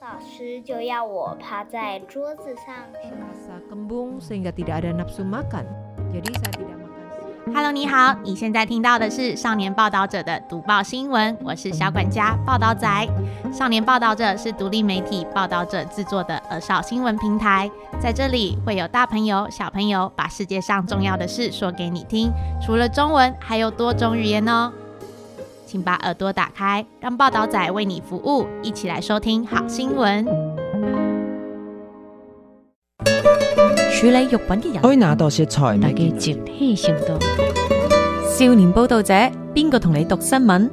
老師就要我趴在桌子上。 Hello，你好，你現在聽到的是少年報道者的讀報新聞。我是小管家報道仔。少年報道者是獨立媒體報道者製作的兒少新聞平台，在這裡，會有大朋友小朋友把世界上重要的事說給你聽。除了中文，還有多種語言哦。請把耳朵打開，讓報導仔為你服務，一起來收聽好新聞。處理肉品嘅人該拿多少材，那嘅絕配上到少年報導者，邊個同你讀新聞？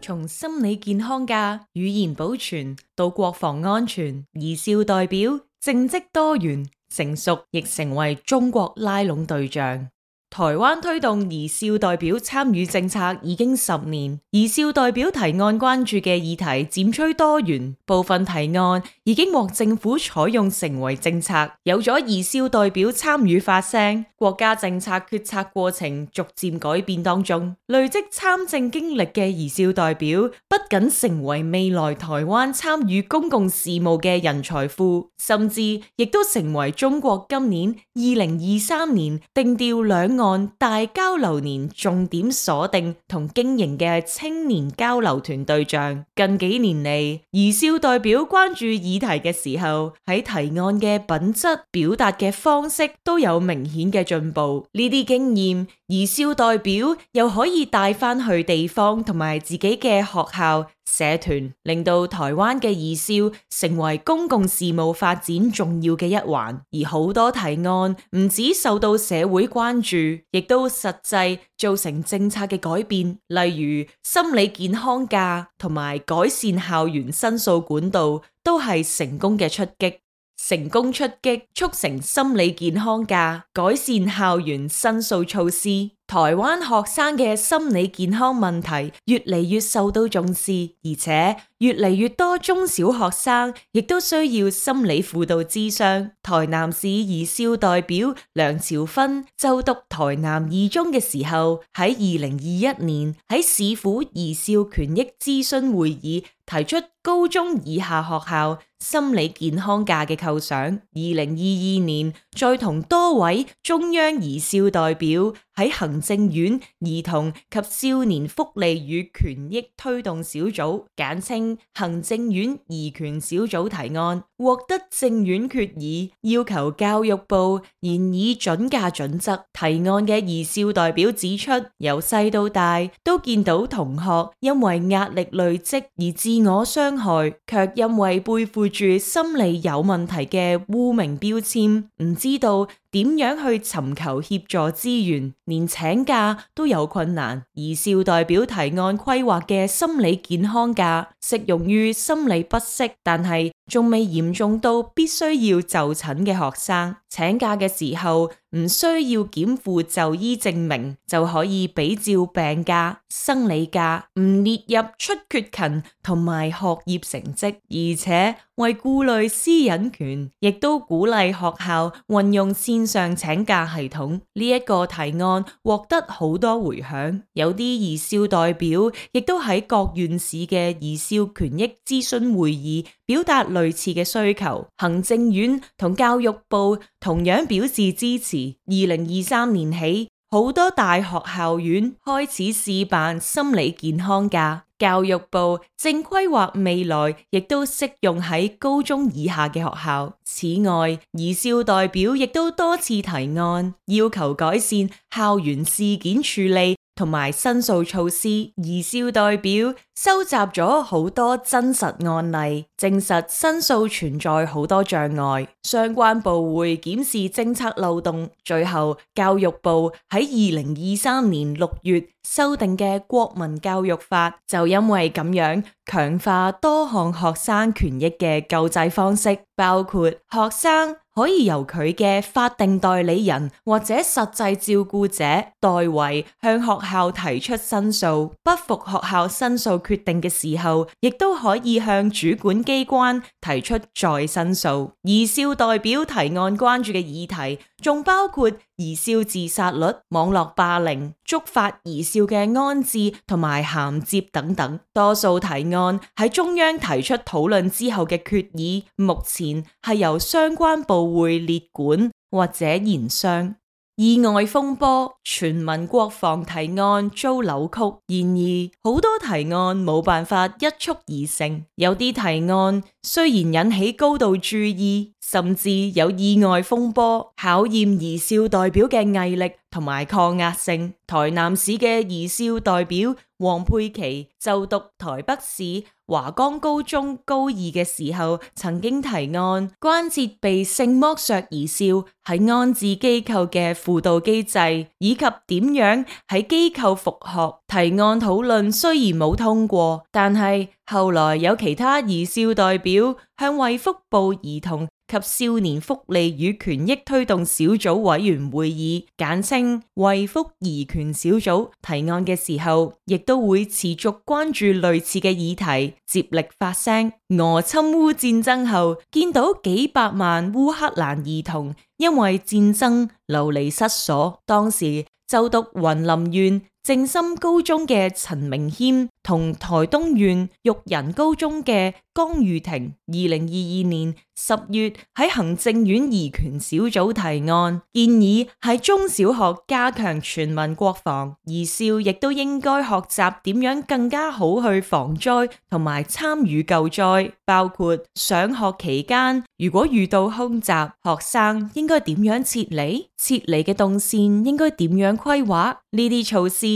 從心理健康假、語言保存到國防安全，兒少代表政績多元。成熟亦成為中國拉攏對象。台灣推動兒少代表參與政策已經十年，兒少代表提案關注嘅議題漸趨多元，部分提案已經獲政府採用成為政策。有咗兒少代表參與發聲，國家政策決策過程逐漸改變當中，累積參政經歷嘅兒少代表，不僅成為未來台灣參與公共事務嘅人才庫，甚至亦都成為中國今年二零二三年定調兩岸大交流年重點鎖定同經營嘅青年交流團對象，近幾年嚟，兒少代表關注議題嘅時候，喺提案嘅品質、表達嘅方式都有明顯嘅進步。呢啲經驗，兒少代表又可以帶返去地方同埋自己嘅學校。社團令到台灣嘅兒少成為公共事務發展重要嘅一環，而好多提案唔止受到社會關注，亦都實際造成政策嘅改變。例如心理健康假同埋改善校園申訴管道，都係成功嘅出擊。成功出擊促成心理健康假改善校園申訴措施。台灣學生嘅心理健康問題越嚟越受到重視，而且。越嚟越多中小學生亦都需要心理輔導諮商。台南市兒少代表梁朝芬就讀台南二中嘅時候，喺二零二一年喺市府兒少權益諮詢會議提出高中以下學校心理健康假嘅構想。二零二二年再同多位中央兒少代表喺行政院兒童及少年福利與權益推動小組簡稱。行政院兒權小組提案獲得政院決議，要求教育部研議準假準則。提案嘅兒少代表指出，由細到大都見到同學因為壓力累積而自我傷害，卻因為背負住心理有問題嘅污名標籤，唔知道。點樣去尋求協助資源？連請假都有困難。兒少代表提案規劃嘅心理健康假，適用於心理不適，但係，仲未嚴重到必須要就診嘅學生，請假嘅時候唔需要檢附就醫證明就可以比照病假、生理假，唔列入出缺勤同埋學業成績，而且為顧慮私隱權，亦都鼓勵學校運用線上請假系統。呢、這、一個提案獲得好多回響，有啲兒少代表亦都喺各縣市嘅兒少權益諮詢會議表達類似嘅需求，行政院同教育部同樣表示支持。二零二三年起，好多大學校院開始試辦心理健康假，教育部正規劃未來亦都適用喺高中以下嘅學校。此外，兒少代表亦都多次提案，要求改善校園事件處理。同埋申訴措施，兒少代表收集咗好多真實案例，證實申訴存在好多障礙。相關部會檢視政策漏洞。最後，教育部喺二零二三年六月修訂嘅國民教育法，就因為咁樣強化多項學生權益嘅救濟方式，包括學生。可以由佢嘅法定代理人或者實際照顧者代為向學校提出申訴，不服學校申訴決定嘅時候，亦都可以向主管機關提出再申訴。兒少代表提案關注嘅議題，仲包括兒少自殺率、網絡霸凌、觸發兒少嘅安置同埋銜接等等，多數提案喺中央提出討論之後嘅決議，目前係由相關部會列管或者研商。意外風波，全民國防提案遭扭曲，然而好多提案冇辦法一蹴而成，有啲提案。雖然引起高度注意，甚至有意外風波，考驗兒少代表嘅毅力同埋抗壓性。台南市嘅兒少代表黃佩琪，就讀台北市華江高中高二嘅時候，曾經提案關節被性剝削兒少喺安置機構嘅輔導機制，以及點樣喺機構復學提案討論，雖然冇通過，但係。後來有其他兒少代表向衛福部兒童及少年福利與權益推動小組委員會議，簡稱衛福兒權小組提案嘅時候，亦都會持續關注類似嘅議題，接力發聲。俄侵烏戰爭後，見到幾百萬烏克蘭兒童因為戰爭流離失所，當時就讀雲林縣，靜心高中嘅陳明謙同台東縣育仁高中嘅江如庭，二零二二年十月喺行政院兒權小組提案，建議喺中小學加強全民國防，兒少亦都應該學習點樣更加好去防災同埋參與救災，包括上學期間如果遇到空襲，學生應該點樣撤離？撤離嘅動線應該點樣規劃？呢啲措施。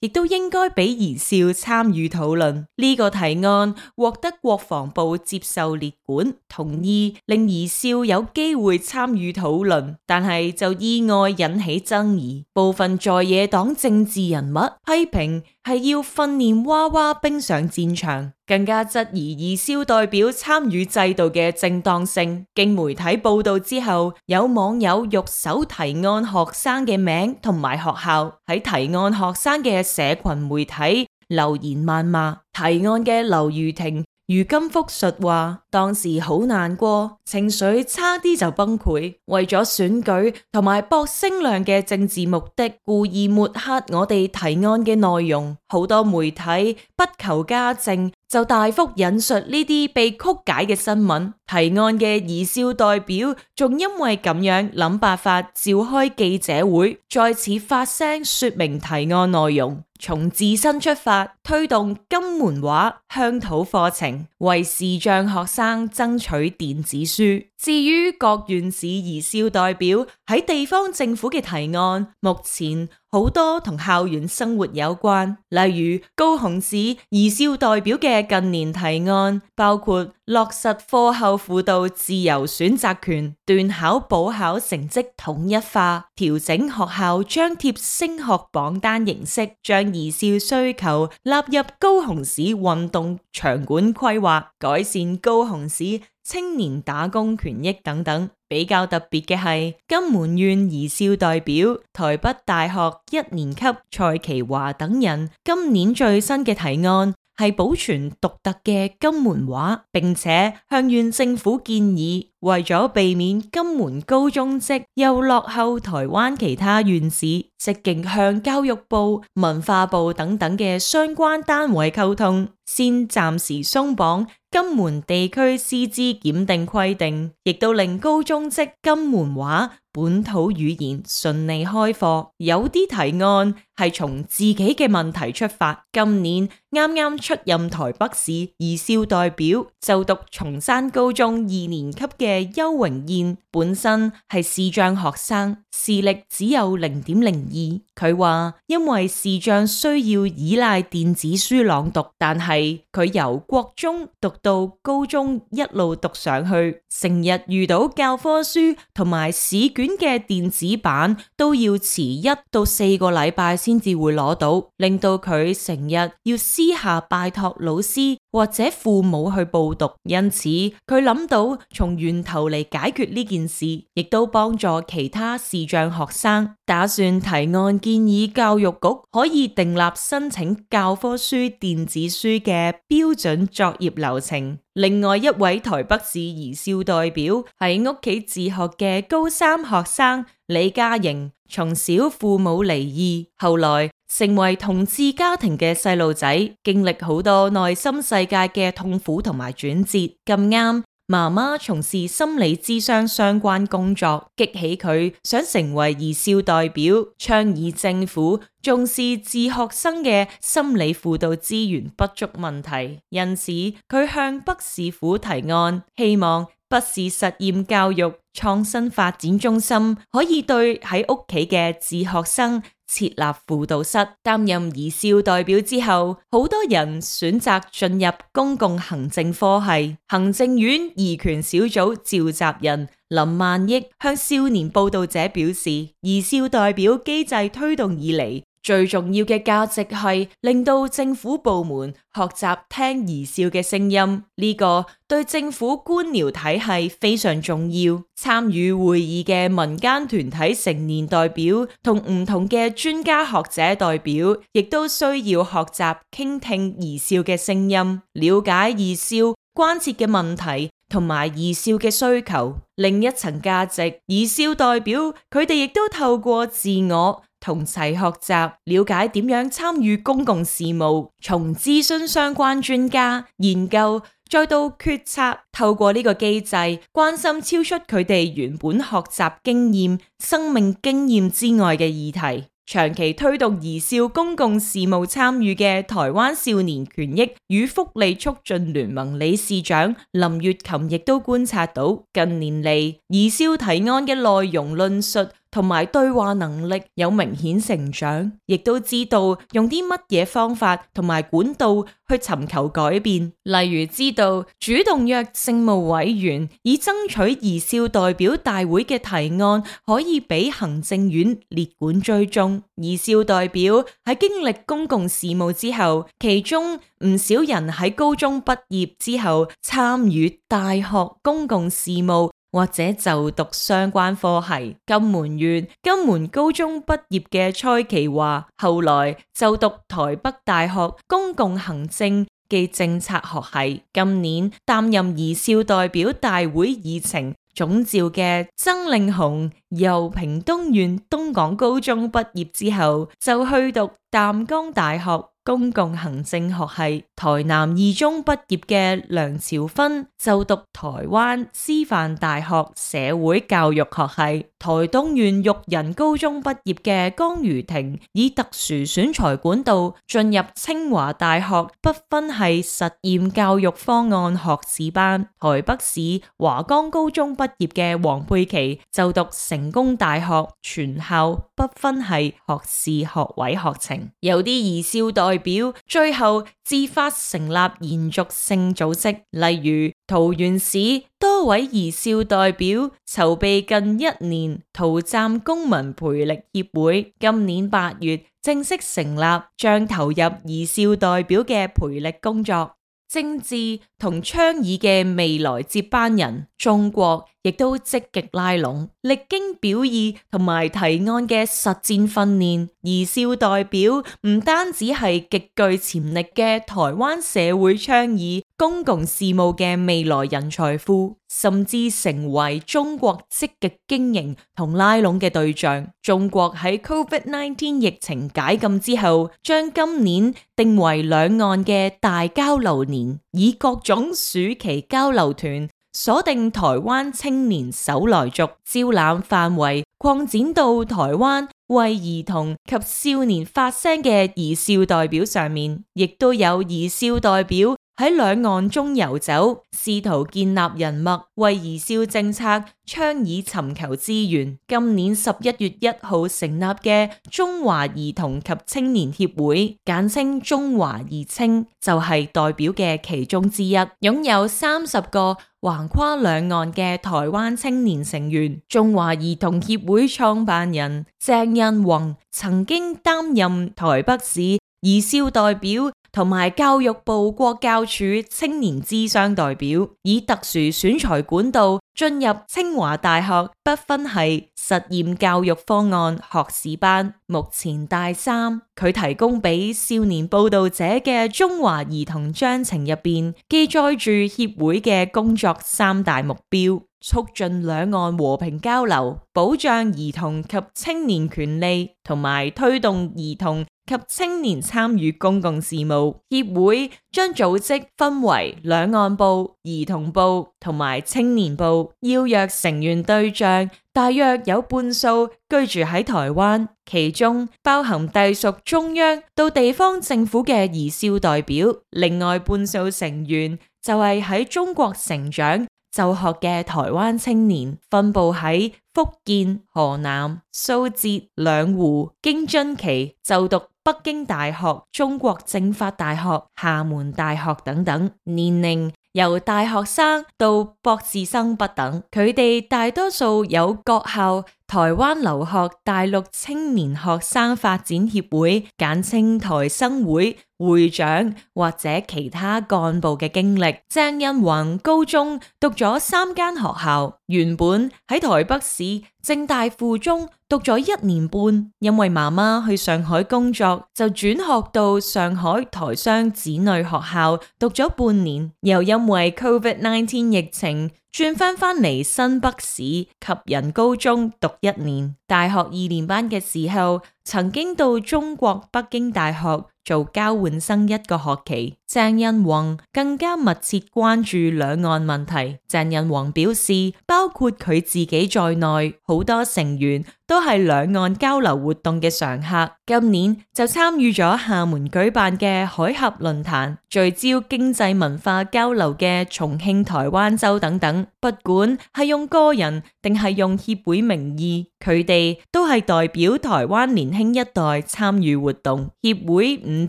亦都應該俾兒少參與討論呢個提案，獲得國防部接受列管，同意令兒少有機會參與討論，但係就意外引起爭議，部分在野黨政治人物批評係要訓練娃娃兵上戰場，更加質疑兒少代表參與制度嘅正當性。經媒體報道之後，有網友入手提案學生嘅名同埋學校喺提案學生嘅。社群媒體留言謾罵提案嘅劉如婷，如今復述話當時好難過，情緒差啲就崩潰。為咗選舉同埋博聲量嘅政治目的，故意抹黑我哋提案嘅內容。好多媒體不求查證，就大幅引述呢啲被曲解嘅新聞。提案嘅兒少代表仲因為咁樣諗辦法召開記者會，再次發聲說明提案內容，從自身出發推動金門話鄉土課程，為視障學生爭取電子書。至於各縣市兒少代表喺地方政府嘅提案，目前好多同校園生活有關，例如高雄市兒少代表嘅近年提案包括，落實課後輔導自由選擇權、段考補考成績統一化、調整學校張貼升學榜單形式、將兒少需求納入高雄市運動場館規劃、改善高雄市青年打工權益等等。比較特別嘅係金門縣兒少代表台北大學一年級蔡其華等人今年最新嘅提案。係保存獨特嘅金門話，並且向縣政府建議。為咗避免金門高中職又落後台灣其他縣市，積極向教育部、文化部等等嘅相關單位溝通，先暫時鬆綁金門地區師資檢定規定，亦都令高中職金門話本土語言順利開課。有啲提案係從自己嘅問題出發，今年啱啱出任台北市兒少代表，就讀松山高中二年級嘅嘅邱榮燕本身係視障學生，視力只有零點零二。佢話因為視障需要依賴電子書朗讀，但係佢由國中讀到高中一路讀上去，成日遇到教科書同埋試卷嘅電子版都要遲一到四個禮拜先至會攞到，令到佢成日要私下拜託老師或者父母去報讀。因此佢諗到從原。頭嚟解決呢件事，亦都幫助其他視障學生。打算提案建議教育局可以訂立申請教科書電子書嘅標準作業流程。另外一位台北市兒少代表喺屋企自學嘅高三學生李嘉瑩，從小父母離異，後來成為同志家庭嘅細路仔，經歷好多內心世界嘅痛苦同埋轉折。咁啱。媽媽從事心理諮商相關工作，激起佢想成為兒少代表，倡議政府重視自學生嘅心理輔導資源不足問題，因此佢向北市府提案，希望北市實驗教育創新發展中心可以對喺屋企嘅自學生設立輔導室。擔任兒少代表之後，好多人選擇進入公共行政科系。行政院兒權小組召集人林萬億向少年報導者表示，兒少代表機制推動以嚟。最重要嘅價值係令到政府部門學習聽兒少嘅聲音，呢、這個對政府官僚體系非常重要。參與會議嘅民間團體、成年代表同唔同嘅專家學者代表，亦都需要學習傾聽兒少嘅聲音，了解兒少關切嘅問題同埋兒少嘅需求。另一層價值，兒少代表佢哋亦都透過自我。同齊學習，了解點樣參與公共事務，從諮詢相關專家、研究，再到決策。透過呢個機制，關心超出佢哋原本學習經驗、生命經驗之外嘅議題。長期推動兒少公共事務參與嘅台灣少年權益與福利促進聯盟理事長林月琴，亦都觀察到近年嚟兒少提案嘅內容論述。同埋對話能力有明顯成長，亦都知道用啲乜嘢方法同埋管道去尋求改變，例如知道主動約政務委員，以爭取兒少代表大會嘅提案可以俾行政院列管追蹤。兒少代表喺經歷公共事務之後，其中唔少人喺高中畢業之後參與大學公共事務。或者就讀相關科係。金門縣金門高中畢業嘅蔡奇華，後來就讀台北大學公共行政及政策學係。今年擔任兒少代表大會議程總召嘅曾令雄，由屏東縣東港高中畢業之後，就去讀淡江大學。公共行政學系，台南二中畢業嘅梁朝芬，就讀台灣師範大學社會教育學系。台東縣育仁高中畢業嘅江如庭，以特殊選才管道進入清華大學不分系實驗教育方案學士班；台北市華江高中畢業嘅黃佩琪，就讀成功大學全校不分系學士學位學程。有啲兒少代表最後自發成立延續性組織，例如，桃園市多位兒少代表籌備近一年桃站公民培力協會，今年八月正式成立，將投入兒少代表嘅培力工作。政治同倡議嘅未來接班人，中國亦都積極拉攏，歷經表意同埋提案嘅實戰訓練，兒少代表唔單止係極具潛力嘅台灣社會倡議公共事務嘅未來人才庫，甚至成為中國積極經營同拉攏嘅對象。中國喺 COVID-19 疫情解禁之後，將今年定為兩岸嘅大交流年，以各種暑期交流團鎖定台灣青年首來族，招攬範圍擴展到台灣為兒童及少年發聲嘅兒少代表上面，亦都有兒少代表。喺兩岸中游走，試圖建立人脈，為兒少政策倡議尋求資源。今年十一月一號成立嘅中華兒童及青年協會，簡稱中華兒青，就係、是、代表嘅其中之一，擁有三十個橫跨兩岸嘅台灣青年成員。中華兒童協會創辦人鄭印宏曾經擔任台北市兒少代表。同埋教育部國教署青年諮詢代表，以特殊選才管道進入清華大學不分系實驗教育方案學士班，目前大三。佢提供俾少年報導者嘅中華兒童章程入邊記載住協會嘅工作三大目標：促進兩岸和平交流，保障兒童及青年權利，同埋推動兒童。及青年參與公共事務。協會將組織分為兩岸部、兒童部同埋青年部，邀約成員對象，大約有半數居住喺台灣，其中包含隸屬中央到地方政府嘅兒少代表，另外半數成員就係喺中國成長。就學嘅台灣青年分布喺福建、河南、蘇浙兩湖，京津冀就讀北京大學、中國政法大學、廈門大學等等，年齡由大學生到博士生不等，佢哋大多數有國校台灣留學大陸青年學生發展協會，簡稱台生會。會長或者其他幹部嘅經歷，鄭恩宏高中讀咗三間學校。原本喺台北市政大附中讀咗一年半，因為媽媽去上海工作，就轉學到上海台商子女學校讀咗半年，又因為 Covid nineteen 疫情，轉翻翻嚟新北市及人高中讀一年。大學二年班嘅時候，曾經到中國北京大學做交換生一個學期。鄭印煌更加密切關注兩岸問題。鄭印煌表示，包括佢自己在內，好多成員，都係兩岸交流活動嘅常客，今年就參與咗廈門舉辦嘅海峽論壇，聚焦經濟文化交流嘅重慶台灣州等等。不管係用個人定係用協會名義，佢哋都係代表台灣年輕一代參與活動。協會唔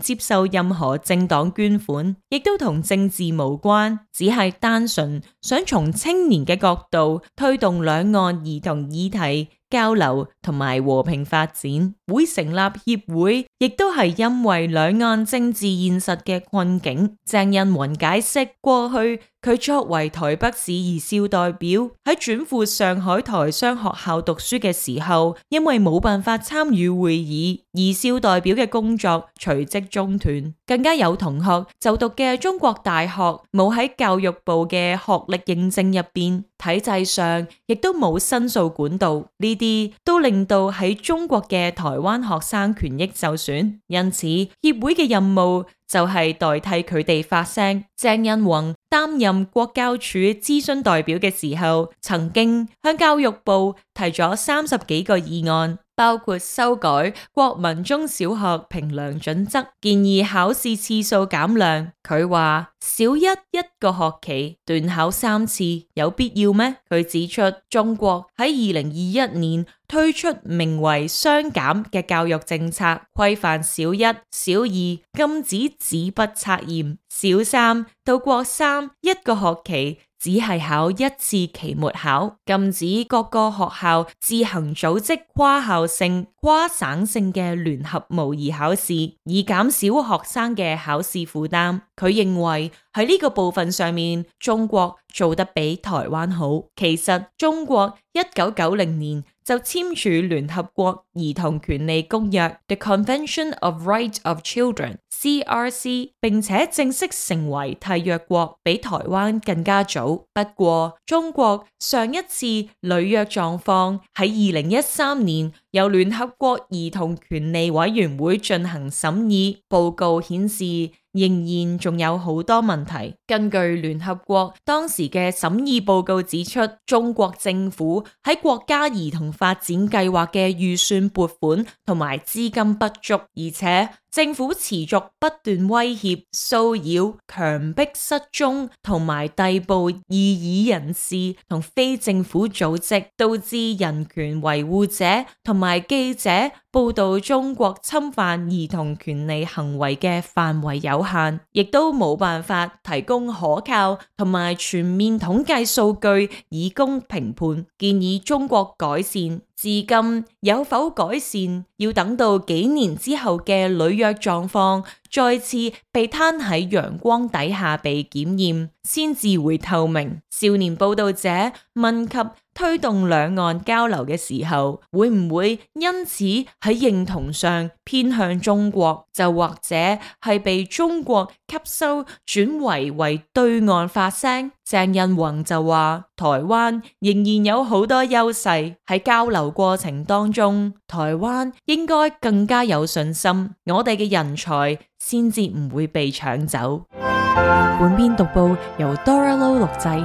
接受任何政黨捐款，亦都同政治無關，只係單純想從青年嘅角度推動兩岸兒童議題。交流同埋和平發展，會成立協會，亦都係因為兩岸政治現實嘅困境，鄭潤雲解釋過去。佢作為台北市兒少代表喺轉赴上海台商學校讀書嘅時候，因為冇辦法參與會議，兒少代表嘅工作隨即中斷。更加有同學就讀嘅中國大學冇喺教育部嘅學歷認證入邊，體制上亦都冇申訴管道。呢啲都令到喺中國嘅台灣學生權益受損。因此，協會嘅任務。就係代替佢哋發聲。鄭欣穎擔任國教處諮詢代表嘅時候，曾經向教育部提咗三十幾個議案。包括修改國民中小學評量準則，建議考試次數減量。佢話，小一一個學期段考三次有必要咩？佢指出，中國喺二零二一年推出名為“雙減”嘅教育政策，規範小一小二禁止紙筆測驗，小三到國三一個學期。只係考一次期末考，禁止各個學校自行組織跨校性、跨省性嘅聯合模擬考試，以減少學生嘅考試負擔。佢認為喺呢個部分上面，中國做得比台灣好。其實中國一九九零年。就簽署聯合國兒童權利公約 The Convention of Rights of Children（CRC），並且正式成為締約國，比台灣更加早。不過，中國上一次履約狀況喺二零一三年。由聯合國兒童權利委員會進行審議，報告顯示仍然仲有好多問題。根據聯合國當時嘅審議報告指出，中國政府喺國家兒童發展計劃嘅預算撥款同埋資金不足，而且，政府持續不斷威脅、騷擾、強迫失蹤同埋逮捕異議人士同非政府組織，導致人權維護者同埋記者報道中國侵犯兒童權利行為嘅範圍有限，亦都冇辦法提供可靠同埋全面統計數據以供評判，建議中國改善。至今有否改善？要等到幾年之後嘅履約狀況。再次被攤喺陽光底下被檢驗先至會透明。少年報道者問及推動兩岸交流嘅時候，會唔會因此喺認同上偏向中國，就或者係被中國吸收轉為為對岸發聲？鄭人穎就話：台灣仍然有好多優勢喺交流過程當中，台灣應該更加有信心。我哋嘅人才，先至唔會被搶走。 本篇讀報由 Dora Lo 錄製。